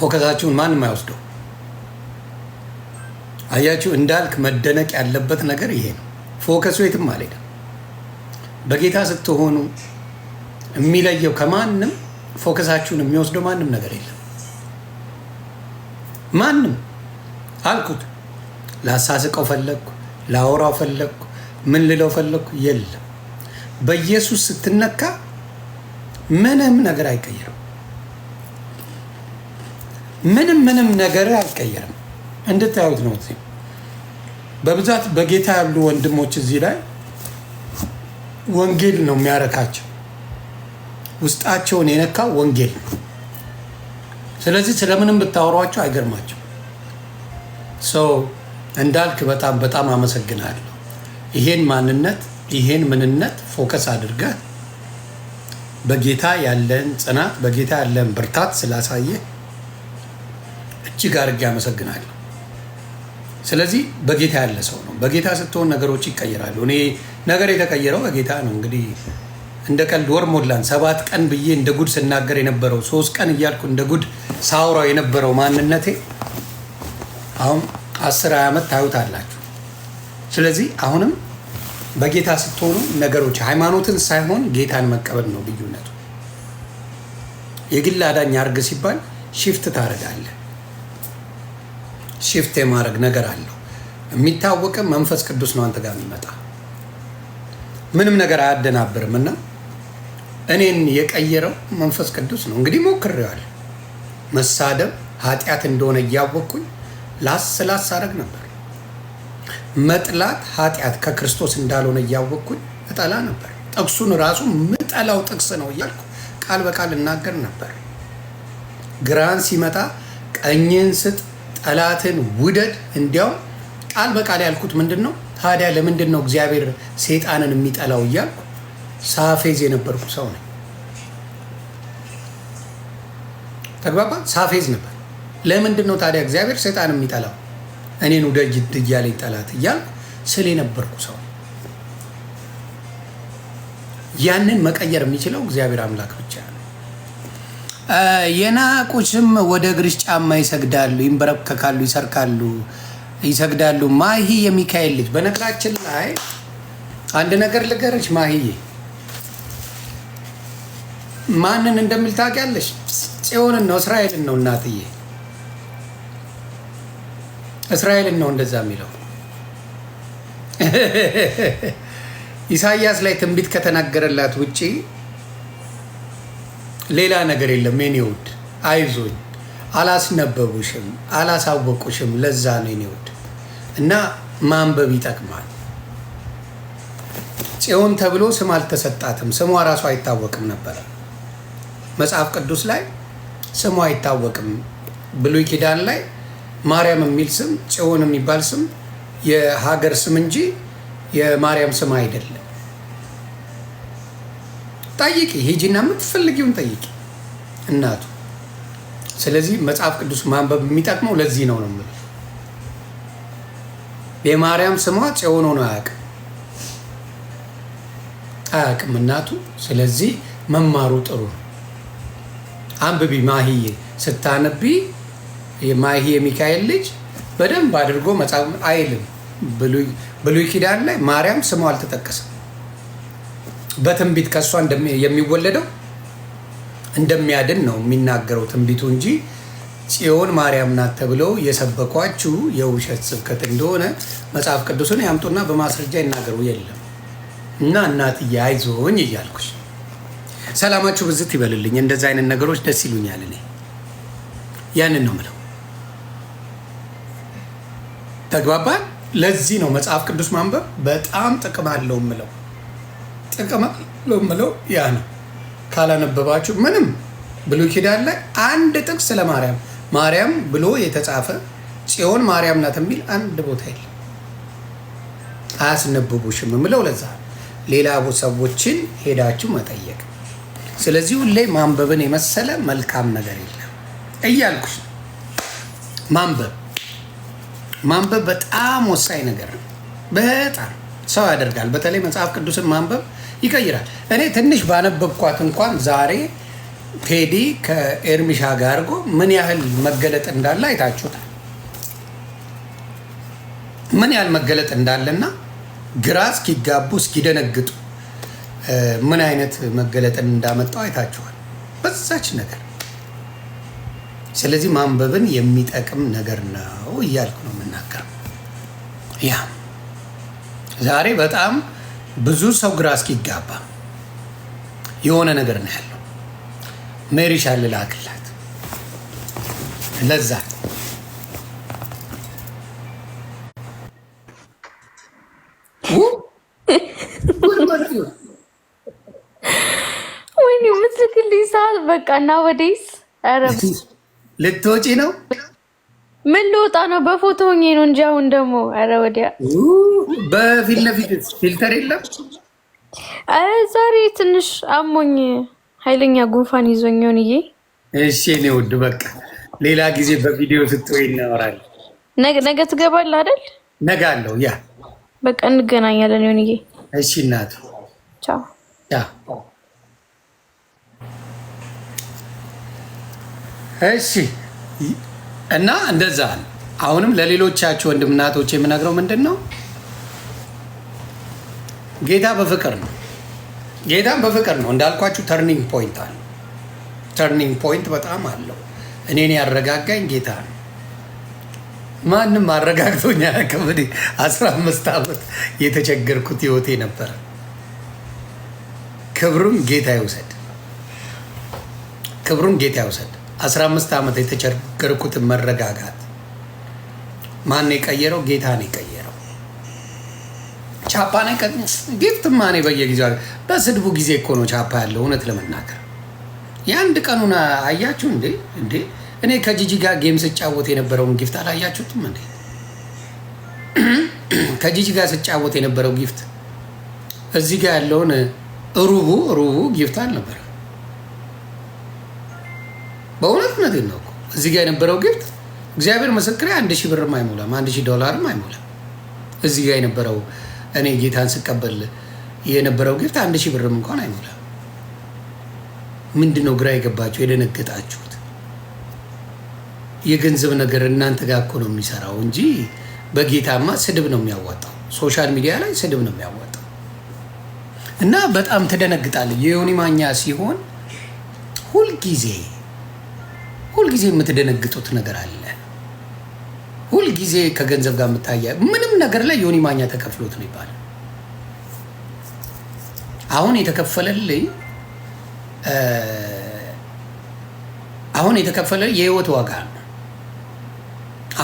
ፎከሳችሁን ማንም አይወስደው። አያችሁ እንዳልክ መደነቅ ያለበት ነገር ይሄ ነው። ፎከሱ የትም አልሄደም። በጌታ ስትሆኑ የሚለየው ከማንም ፎከሳችሁን የሚወስደው ማንም ነገር የለም። ማንም አልኩት፣ ላሳስቀው ፈለግኩ፣ ላወራው ፈለግኩ፣ ምን ልለው ፈለግኩ፣ የለም። በኢየሱስ ስትነካ ምንም ነገር አይቀየርም። ምንም ምንም ነገር አልቀየርም። እንድታዩት ነው። እዚህ በብዛት በጌታ ያሉ ወንድሞች እዚህ ላይ ወንጌል ነው የሚያረካቸው። ውስጣቸውን የነካው ወንጌል ነው። ስለዚህ ስለምንም ብታወሯቸው አይገርማቸው። ሰው እንዳልክ በጣም በጣም አመሰግናለሁ። ይሄን ማንነት ይሄን ምንነት ፎከስ አድርገህ በጌታ ያለን ጽናት፣ በጌታ ያለን ብርታት ስላሳየ እጅግ አድርጌ አመሰግናለሁ። ስለዚህ በጌታ ያለ ሰው ነው። በጌታ ስትሆን ነገሮች ይቀየራሉ። እኔ ነገር የተቀየረው በጌታ ነው። እንግዲህ እንደ ቀልድ ወር ሞላን ሰባት ቀን ብዬ እንደ ጉድ ስናገር የነበረው ሶስት ቀን እያልኩ እንደ ጉድ ሳውራው የነበረው ማንነቴ አሁን አስር ዓመት ታዩት አላችሁ። ስለዚህ አሁንም በጌታ ስትሆኑ ነገሮች ሃይማኖትን ሳይሆን ጌታን መቀበል ነው ልዩነቱ። የግል አዳኝ አርግ ሲባል ሽፍት ታደርጋለህ። ሽፍት የማድረግ ነገር አለው። የሚታወቅ መንፈስ ቅዱስ ነው አንተ ጋር የሚመጣ ምንም ነገር አያደናብርም። እና እኔን የቀየረው መንፈስ ቅዱስ ነው። እንግዲህ ሞክሬዋል። መሳደብ ኃጢአት እንደሆነ እያወቅኩኝ ላስ ላስ አደረግ ነበር። መጥላት ኃጢአት ከክርስቶስ እንዳልሆነ እያወቅኩኝ እጠላ ነበር። ጥቅሱን ራሱ ምጠላው ጥቅስ ነው እያልኩ ቃል በቃል እናገር ነበር። ግራን ሲመጣ ቀኝን ስጥ ጠላትን ውደድ። እንዲያውም ቃል በቃል ያልኩት ምንድን ነው ታዲያ ለምንድን ነው እግዚአብሔር ሴጣንን የሚጠላው እያልኩ ሳፌዝ የነበርኩ ሰው ነኝ። ተግባባ ሳፌዝ ነበር። ለምንድን ነው ታዲያ እግዚአብሔር ሴጣን የሚጠላው እኔን ውደጅ እያለኝ ጠላት እያልኩ ስል የነበርኩ ሰው ያንን መቀየር የሚችለው እግዚአብሔር አምላክ ብቻ ነው። የናቁችም ወደ እግርሽ ጫማ ይሰግዳሉ፣ ይንበረከካሉ፣ ይሰርካሉ፣ ይሰግዳሉ። ማሂ የሚካኤል ልጅ። በነገራችን ላይ አንድ ነገር ልገረች ማሂዬ ማንን እንደሚል ታውቂያለሽ? ጽዮንን ነው እስራኤልን ነው እናትዬ፣ እስራኤልን ነው እንደዛ የሚለው። ኢሳያስ ላይ ትንቢት ከተናገረላት ውጪ ሌላ ነገር የለም። የኔ ውድ አይዞኝ፣ አላስነበቡሽም፣ አላሳወቁሽም። ለዛ ነው የኔ ውድ እና ማንበብ ይጠቅማል። ጽዮን ተብሎ ስም አልተሰጣትም። ስሟ ራሱ አይታወቅም ነበር። መጽሐፍ ቅዱስ ላይ ስሙ አይታወቅም። ብሉይ ኪዳን ላይ ማርያም የሚል ስም ጽዮን የሚባል ስም የሀገር ስም እንጂ የማርያም ስም አይደለም። ጠይቂ፣ ሂጂና የምትፈልጊውን ጠይቂ እናቱ። ስለዚህ መጽሐፍ ቅዱስ ማንበብ የሚጠቅመው ለዚህ ነው ነው የምልሽ። የማርያም ስሟ ጽዮን ሆኖ አያውቅም አያውቅም እናቱ። ስለዚህ መማሩ ጥሩ ነው። አንብቢ ማህዬ፣ ስታነቢ ማሂ የሚካኤል ልጅ በደንብ አድርጎ መጽሐፍ አይልም። ብሉይ ኪዳን ላይ ማርያም ስሟ አልተጠቀሰም። በትንቢት ከእሷ የሚወለደው እንደሚያድን ነው የሚናገረው ትንቢቱ እንጂ ጽዮን ማርያም ናት ተብለው የሰበኳችሁ የውሸት ስብከት እንደሆነ መጽሐፍ ቅዱስን ያምጡና በማስረጃ ይናገሩ የለም። እና እናትዬ አይዞኝ እያልኩሽ ሰላማችሁ ብዝት ይበልልኝ። እንደዚ አይነት ነገሮች ደስ ይሉኛል። እኔ ያንን ነው ምለው። ተግባባል ለዚህ ነው መጽሐፍ ቅዱስ ማንበብ በጣም ጥቅም አለው ምለው። ጥቅም አለው የምለው ያ ነው። ካላነበባችሁ ምንም ብሉይ ኪዳን ላይ አንድ ጥቅስ ስለ ማርያም ማርያም ብሎ የተጻፈ ጽዮን ማርያም ናት የሚል አንድ ቦታ የለም። አያስነብቡሽም የምለው ለዛ ሌላ ሰዎችን ሄዳችሁ መጠየቅ። ስለዚህ ሁሌ ማንበብን የመሰለ መልካም ነገር የለም እያልኩሽ ማንበብ ማንበብ በጣም ወሳኝ ነገር ነው። በጣም ሰው ያደርጋል። በተለይ መጽሐፍ ቅዱስን ማንበብ ይቀይራል። እኔ ትንሽ ባነበብኳት እንኳን ዛሬ ቴዲ ከኤርሚሻ ጋር አድርጎ ምን ያህል መገለጥ እንዳለ አይታችሁታል። ምን ያህል መገለጥ እንዳለና ግራ እስኪጋቡ እስኪደነግጡ ምን አይነት መገለጥን እንዳመጣው አይታችኋል በዛች ነገር። ስለዚህ ማንበብን የሚጠቅም ነገር ነው እያልኩ ነው የምናገረው። ያ ዛሬ በጣም ብዙ ሰው ግራ እስኪጋባ የሆነ ነገር ነው ያለው። ሜሪ ሻል ላክላት። ለዛ ወይኔ ምስልክልኝ ሰዓት በቃ እና ወደይስ ወዴስ ልትወጪ ነው? ምን ልወጣ ነው? በፎቶ ሆኜ ነው እንጂ አሁን ደግሞ ኧረ ወዲያ በፊት ለፊት ፊልተር የለም። ዛሬ ትንሽ አሞኝ ኃይለኛ ጉንፋን ይዞኛውን እዬ። እሺ እኔ ውድ በቃ ሌላ ጊዜ በቪዲዮ ስትወይ እናወራለን። ነገ ትገባለህ አይደል? ነገ አለው ያ በቃ እንገናኛለን። ሆን እዬ እሺ እናቱ ቻው እሺ እና እንደዛ አሁንም ለሌሎቻችሁ ወንድምናቶች የምነግረው ምንድን ነው፣ ጌታ በፍቅር ነው። ጌታን በፍቅር ነው እንዳልኳችሁ፣ ተርኒንግ ፖይንት አለ። ተርኒንግ ፖይንት በጣም አለው። እኔን ያረጋጋኝ ጌታ ነው። ማንም አረጋግቶኛ ከምን አስራ አምስት ዓመት የተቸገርኩት ህይወቴ ነበረ። ክብሩም ጌታ ይውሰድ፣ ክብሩም ጌታ ይውሰድ። 15 ዓመት የተቸገርኩትን መረጋጋት ማን የቀየረው? ጌታ ነው የቀየረው። ቻፓ ነው ጌት ማኔ በየጊዜው በስድቡ ጊዜ እኮ ነው ቻፓ ያለው። እውነት ለመናገር የአንድ ቀኑን አያችሁ እንዴ? እንዴ እኔ ከጂጂ ጋር ጌም ስጫወት የነበረውን ጊፍት አላያችሁትም እንዴ? ከጂጂ ጋር ስጫወት የነበረው ጊፍት እዚህ ጋር ያለውን ሩቡ ሩቡ ጊፍት አልነበረ በእውነት ነው። እዚህ ጋር የነበረው ግብጥ እግዚአብሔር ምስክሬ አንድ ሺህ ብርም አይሞላም፣ አንድ ሺህ ዶላርም አይሞላም። እዚህ ጋር የነበረው እኔ ጌታን ስቀበል የነበረው ግብት አንድ ሺህ ብርም እንኳን አይሞላም። ምንድን ነው ግራ የገባችሁ የደነገጣችሁት? የገንዘብ ነገር እናንተ ጋር እኮ ነው የሚሰራው እንጂ በጌታማ ስድብ ነው የሚያዋጣው። ሶሻል ሚዲያ ላይ ስድብ ነው የሚያዋጣው። እና በጣም ትደነግጣለህ። የዮኒ ማኛ ሲሆን ሁልጊዜ ሁልጊዜ የምትደነግጡት ነገር አለ። ሁልጊዜ ከገንዘብ ጋር የምታያ ምንም ነገር ላይ ዮኒ ማኛ ተከፍሎት ነው ይባላል። አሁን የተከፈለልኝ አሁን የተከፈለ የህይወት ዋጋ ነው።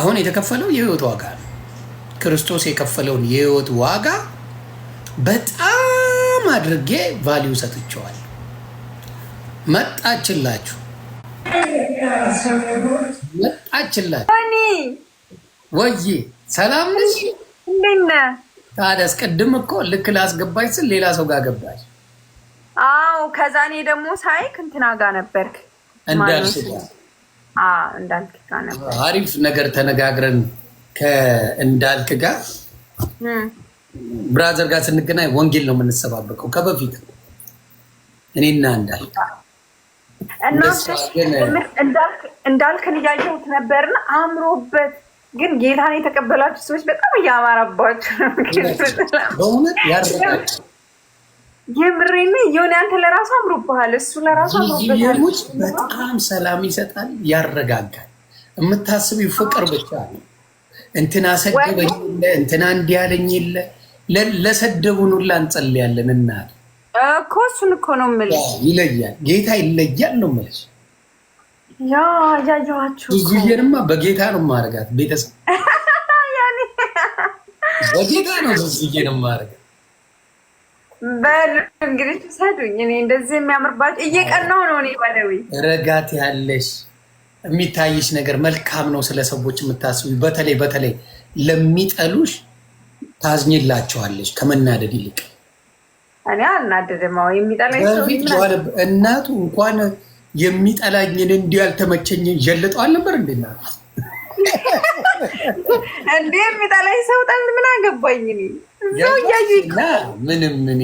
አሁን የተከፈለው የህይወት ዋጋ ነው። ክርስቶስ የከፈለውን የህይወት ዋጋ በጣም አድርጌ ቫሊዩ ሰጥቼዋለሁ። መጣችላችሁ። መጣችላት። ወይ ሰላም ነሽ? እንዴት ነህ? ታዲያስ ቅድም እኮ ልክ ላስገባች ስል ሌላ ሰው ጋር ገባች። አዎ ከዛ እኔ ደግሞ ሳይክ እንትና ጋር ነበርክ እንዳልሽ እንዳልክ ጋር ነበር። አሪፍ ነገር ተነጋግረን ከእንዳልክ ጋር ብራዘር ጋር ስንገናኝ ወንጌል ነው የምንሰባበቀው። ከበፊት እኔና እንዳልክ እና እንዳልክን እያየሁት ነበርን አምሮበት ግን ጌታን የተቀበላችሁ ሰዎች በጣም እያማራባችሁ ነው። በእውነት ያረጋጭ የምሬን የሆነ አንተ ለራሱ አምሮብሃል፣ እሱ ለራሱ አምሮበታል። በጣም ሰላም ይሰጣል፣ ያረጋጋል። የምታስቢው ፍቅር ብቻ ነው። እንትን ሰደበኝ የለ እንትና እንዲያለኝ የለ ለሰደቡን ሁላ እንጸልያለን እናያለን እኮ እሱን እኮ ነው የምልሽ። ይለያል ጌታ ይለያል ነው የምልሽ። ያ እያየኋችሁ ዙዙዬንማ በጌታ ነው የማደርጋት። ቤተሰብ በጌታ ነው ዙዙዬን የማደርጋት። በል እንግዲህ ሰዱኝ። እኔ እንደዚህ የሚያምርባቸው እየቀናሁ ነው እኔ ባለዊ ረጋት ያለሽ የሚታይሽ ነገር መልካም ነው። ስለ ሰዎች የምታስቡ በተለይ በተለይ ለሚጠሉሽ ታዝኝላቸዋለሽ ከመናደድ ይልቅ እኔ አልናደድም። የሚጠላኝ እናቱ እንኳን የሚጠላኝን እንዲህ ያልተመቸኝ ዠልጠው አልነበር እንዴና እንዴ የሚጠላኝ ሰው ጠል ምን አገባኝ? ሰው እያዩ ምንም እኔ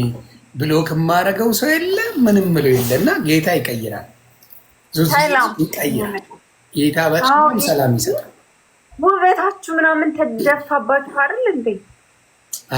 ብሎ ከማረገው ሰው የለ ምንም ምለው የለ። እና ጌታ ይቀይራል፣ ይቀይራል። ጌታ በጣም ሰላም ይሰጣል። ውበታችሁ ምናምን ተደፋባችሁ አይደል እንዴ